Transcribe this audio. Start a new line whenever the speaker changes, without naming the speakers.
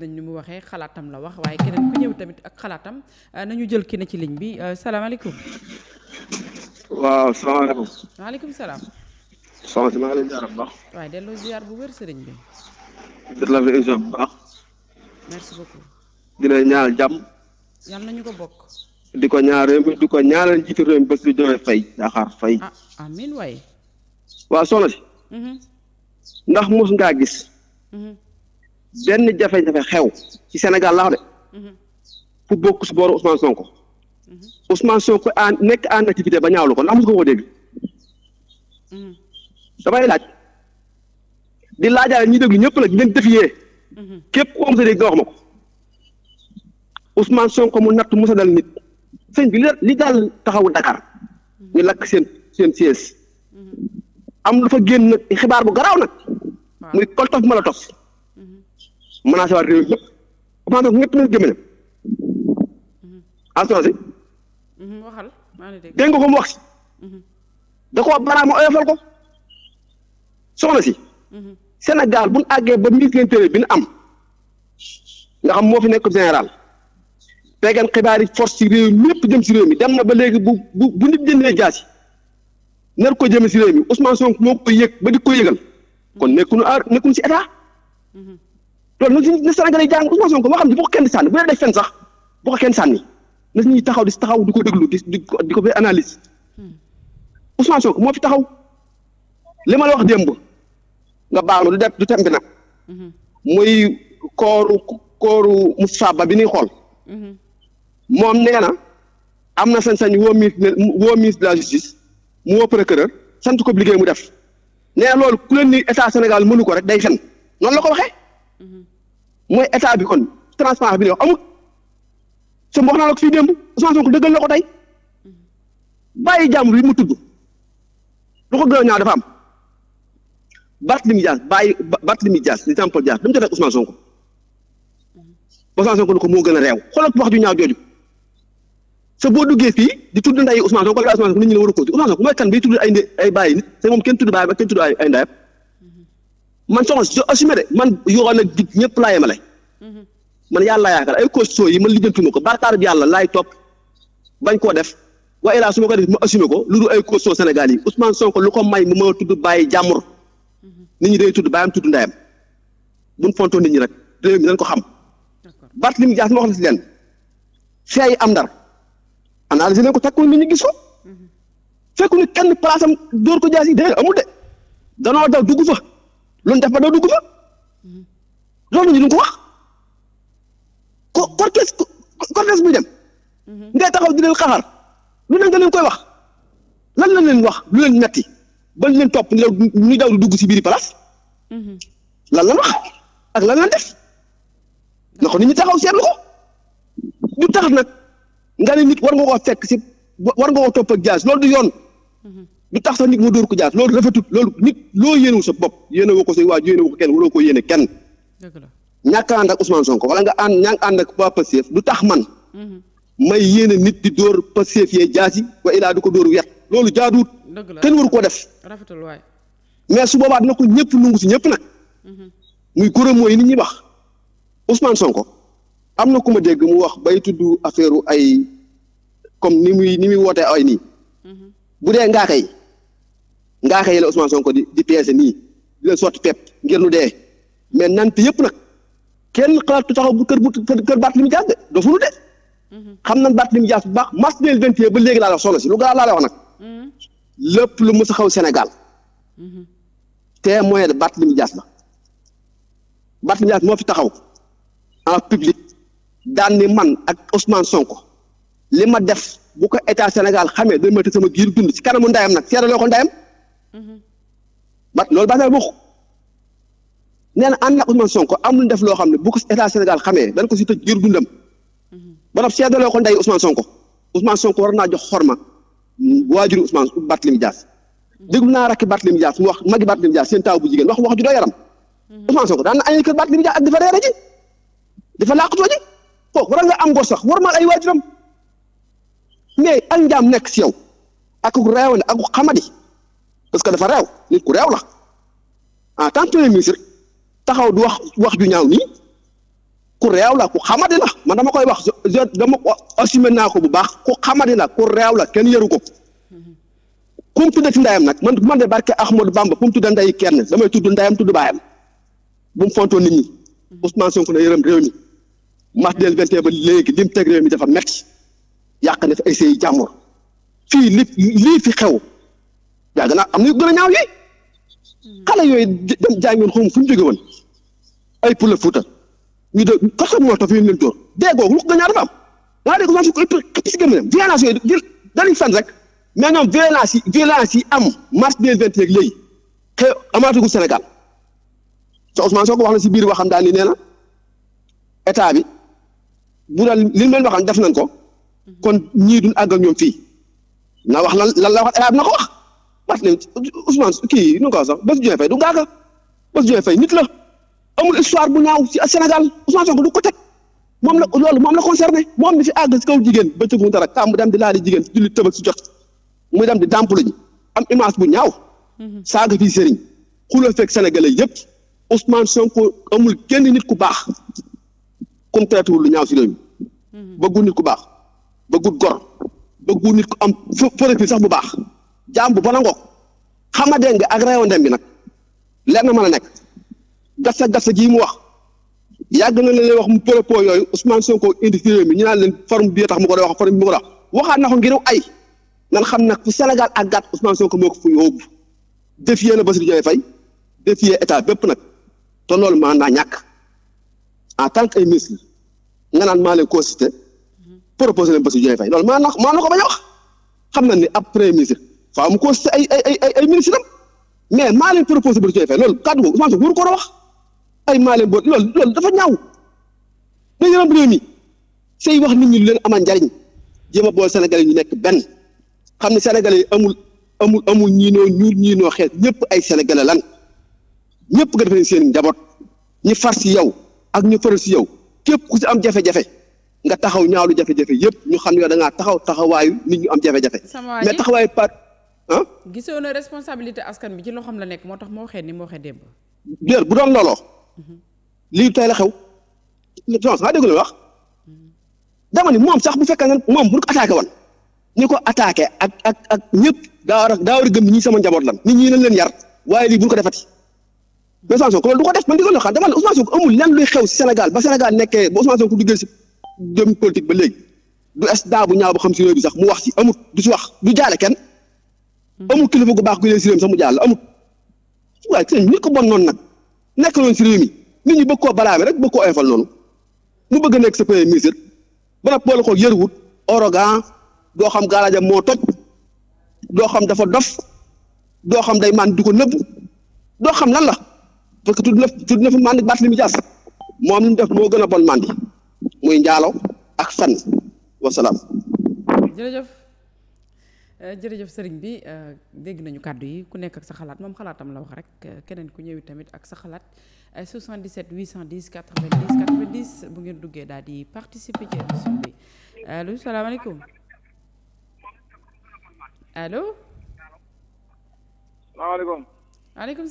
dañ ñu mu waxee xalaatam la wax waaye keneen ku ñëw tamit ak xalaatam euh, nañu jël ki na ci ligne bi euh, salaamaaleykum. waaw salaamaaleykum. waaleykum salaam. soxna si maa ngi lay ziar bu baax. waaye delloo ziar bu wér sëriñ bi. jot la fi émission bu baax. merci beaucoup. dina ñaal jàmm. yal nañu ko bokk. di ko ñaar réew mi di ko ñaareel jiitu réew mi bés bi joxe fay Dakar fay. ah amiin waay. waaw soxna si. Mm-hmm. ndax mos ngaa gis. Mm-hmm. benn jafe-jafe xew ci Sénégal laax de fu mhm. bokk si booru Ousmane Sonko mhm. Ousmane Sonko nekk en activité ba ñaawlu ko ndax mos nga ko dégg mhm. damay laaj di laajaale ñi déglu ñëpp nag ngeen defiyee képp ku am dégg nga wax ma ko Ousmane Sonko mu natt musa dal nit sëñ bi li daal taxaw Dakar ñu lakk seen seen siège am lu fa génn nag xibaar bu garaaw nag muy koltof mala tof menacé waat réew yëpp Ousmane ma ñëpp lañ jëmale. assurance yi. Mhm, waxal maa ngi dégg nga mu wax si. Mhm. da koo baraamu oyofal ko soxna si. Mhm. Sénégal bu ñu àggee ba ministre l'intérieur bi ñu am nga xam moo fi nekk général pegan xibaar yi force si réew mi lépp jëm si réew mi dem na ba léegi bu bu bu nit jëndee jaasi nar ko jëme si réew mi Ousmane Sonko moo ko yëg ba di ko yëgal kon nekkuñu aar nekkuñu si état loolu na na Sénégalais yi jàng Ousmane Sonko moo xam ne bu ko kenn sànni bu dee day fen sax bu ko kenn sànni na ñuy taxaw di taxaw di ko déglu di di ko di ko analyse hmm. Ousmane Sonko moo fi taxaw li ma la wax démb nga baax na du def du tembi nag hmm. muy kooru kooru Moustapha Ba bi ñuy xool hmm. moom nee na am na sañ-sañ woo ministre woo ministre de la justice mu woo procureur sant ko liggéey mu def nee na loolu ku leen ni état Sénégal mënu ko rek day fen noonu la ko mooy état bi kon transparence bi ne wax amul su ma wax naa la ko fii démb Ousmane Sonko dëggal na ko tey bàyyi jàmbur yi mu tudd lu ko gën a ñaaw dafa am Barthélémy Dias bàyyi Barthélémy Dias li Jean-Paul Dias dama jot ak Ousmane Sonko Ousmane Sonko ne ko moo gën a réew xoolal wax ju ñaaw jooju sa boo duggee fii di tudd nday Ousmane Sonko wala Ousmane Sonko a ko Ousmane Sonko mooy kan bay tudd ay bàyyi nit moom kenn tudd bàyyi ba kenn tudd ay ndayam man soxna si assumé de man yoxoon ak dig ñëpp laa yemale man yàlla yaakaar ay costauds yi man lijjanti ma ko barkaar bi yàlla laay topp bañ koo def waaye laa su ko def ma assumé ko lu dul ay costauds Sénégal yi Ousmane Sonko ko may mu mën a tudd bàyyi jàmmur nit ñi day tudd bàyyam tudd ndeyam buñ fontoo nit ñi rek réew mi dañ ko xam Barthélémy Dias ma wax la si leen fee yi am ndar analyser leen ko takku nit ñi gis ko mhm. fekku ni kenn place am dóor ko jaas yi dé amul de danoo daw dugg fa lu ñu def ba doo dugg fa loolu ñu duñ ko wax ko cortège cortège buy dem ngay taxaw dina leen xaxar lu ne nga leen koy wax lan la leen wax lu leen metti ba leen topp ñu daw di dugg si biir place lan lan wax ak lan lan def na ko nit ñi taxaw seetlu ko du tax nag nga ne nit war nga koo fekk si war nga koo topp ak loolu du yoon du tax sax nit mu dóor ko jaas loolu rafetut loolu nit loo yéenewul sa bopp yéene woo ko say waa yéene woo ko kenn waroo ko yéene kenn ñàkk Sonko wala nga ànd ñaa ngi ànd ak waa Pastef du tax man mm-hmm. may yéene nit di dóor Pastef yee jaas yi wa ilaa du ko dóor wet loolu jaaduwut kenn waru koo def mais su boobaa na ko ñëpp nungu si ñëpp nag mm-hmm. muy góoram mooy ni ñi wax Ousmane Sonko am na ku ma dégg mu wax bay tudd affaire ay comme ni muy ni muy wootee ay nii mm-hmm. bu dee ngaa kay ngaa xëy la Ousmane Sonko di di nii di leen sotti pepp ngir nu dee mais nant yëpp nag kenn xalaatu taxaw kër bu kër Barthélémy Dias de doofu nu de mhm. xam nañ Barthélémy Dias bu baax mars ba léegi laa la wax soxna si lu gaa laa la nag mhm. lépp lu mës a xaw Sénégal mhm. te moyen de Barthélémy Dias la Barthélémy Dias moo fi taxaw en public daan ni man ak Ousmane Sonko li ma def bu ko état Sénégal xamee dañ ma tëj sama giir dund ci kanamu ndayam nag seetaloo ko ndayam ba loolu bànneel bu nee na ànd ak Ousmane Sonko am lu def loo xam ne bu ko état Sénégal xame dañ ko si tëj jur dundam ba noppi seedaloo ko ndey Ousmane Sonko Ousmane Sonko war naa jox xor xorma waajuru Ousmane Barthélémy Dias déglu naa rakki Barthélémy Dias mu wax magi Barthélémy Dias seen taaw bu jigéen wax wax ju o yaram Ousmane Sonko daan na añee kër Barthélémy Dias ak dafa reere ji dafa làqutoo ji kooku war nga am ngor sax war ma ay waajuram mais ak njaam nekk si yow ak ku reewande ak ku parce que dafa réew nit ku réew la en tant que premier ministre taxaw du wax wax ju ñaaw nii ku réew la ku xamadi la man dama koy wax dama assumé naa ko bu baax ku xamadi la ku réew la kenn yaru ko ku mu tudde ci ndayam nag man man de barke Ahmadou Bamba ku mu tudde nday kenn damay tudd ndayam tudd baayam bu mu fontoo nit ñi Ousmane Sonko na yërëm réew mi mars 2021 ba léegi lim teg réew mi dafa metti yàq na fi ay sey jàmbur fii li lii fi xew yàgg naa am na yu gën a ñaaw yi hmm. xale yooyu dem jàngeen xaw fu ñu jóge ay pour le Fuuta ñu de kottu moo tax fi ko gën a ñaaw dafa am ko ëpp si gëm am mars 2021 léegi xëy amaatugul Sénégal te wax na si biir waxam daal ni nee na état bi bu daal li mu def nañ ko hmm. kon ñii duñ àgg ak ñoom fii na wax lan la wax état na ko wax. parce que Ousmane kii nu ko sax Bass Diomaye Faye du ngaaga Bass Diomaye Faye nit la amul histoire bu ñaaw ci Sénégal Ousmane Sonko du ko teg moom la loolu moom la concerné moom mi fi àgg ci kaw jigéen ba cëg mu dara kàmm dem di laali jigéen julli tëbëg si jot dem di dàmpuluñu am image bu ñaaw saaga fii sëriñ xuloo fekk sénégalais yëpp Ousmane Sonko amul kenn nit ku baax comme traité wul lu ñaaw si réew mi bëggul nit ku baax bëggul gor bëggul nit am profil sax bu baax jaam bu bon a ngoog xamadeen bi ak reewandeen bi nag lenn mën a nekk gasa gasa gii mu wax yàgg na leen wax mu propos yooyu Ousmane Sonko indi ci réew mi ñu naan leen forme bi tax mu ko doon wax forme bi mu ko doon wax waxaat na ko ngir ay nan xam nag fu moo ko fu yóbbu défier na Bassirou Diomaye Faye défier état bépp nag te loolu maa naa ñàkk en tant que miss nga naan maa leen consulté mm-hmm. proposé leen Bassirou Diomaye Fay loolu maa na maa na ko bañ a xam na ni ab premier ministre faaw mu constaté ay ay ay ay ministre am mais maa leen proposé bu ñu koy loolu kàddu boobu Ousmane Sonko waru ko wax ay maa leen boot loolu loolu dafa ñaaw da yaram réew mi wax nit ñi lu leen amal njariñ jéem a boole Sénégalais ñu nekk benn xam ne Sénégalais yi amul amul amul ñii noo ñuul ñii noo xeet ñëpp ay Sénégalais lan ñëpp nga defee seen njaboot ñu far si yow ak ñu faral si yow képp ku si am jafe-jafe nga taxaw ñaawlu jafe-jafe yëpp ñu xam ne da taxaw taxawaayu nit ñu am jafe-jafe mais taxawaayu ah. gisoo responsabilité askan bi ci loxoom la nekk moo tax moo waxee ni moo waxee démb. déet bu doon looloo. lii tey la xew. chance nga dégg lu wax. dama ni moom sax bu fekkee ne moom bu ko attaqué woon ñi ko attaqué ak ak ak ñëpp daa war a daa war a gëm ñi sama njaboot lan leen yar waaye lii bu ko defati. mais Ousmane Sonko du ko def man di ko xam dama ne Ousmane amul lenn luy xew si Sénégal ba Sénégal nekkee ba Ousmane Sonko duggee si dem politique ba léegi du daa bu ñaaw ba xam si réew bi sax mu wax si amut du si wax du jaale kenn. Mhm. amul kilifa gu baax ku leen si réew mi sax mu jàll amul waaye sëñ nit ko bon noonu nag nekk noonu si réew mi nit ñi bëgg koo balaame rek bëgg koo oyofal noonu mu bëgg a nekk sa premier ministre ba nag boole koog yëruwut arrogant doo xam garaajam moo toj doo xam dafa dof doo xam day mànd di ko nëbb doo xam lan la parce que tudd na tudd na fi mànd baat li mu jaas moom li moo gën a bon màndi muy njaalo ak fen wasalaam Euh, jërëjëf sëriñ bi euh, dégg nañu kàddu yi ku nekk ak sa xalaat moom xalaatam la wax rek euh, keneen ku ñëwi tamit ak sa xalaat 77 810 90 90 bu ngeen duggee daal di participer ci émission bi allo salaamaaleykum allo. salaamaaleykum. maaleykum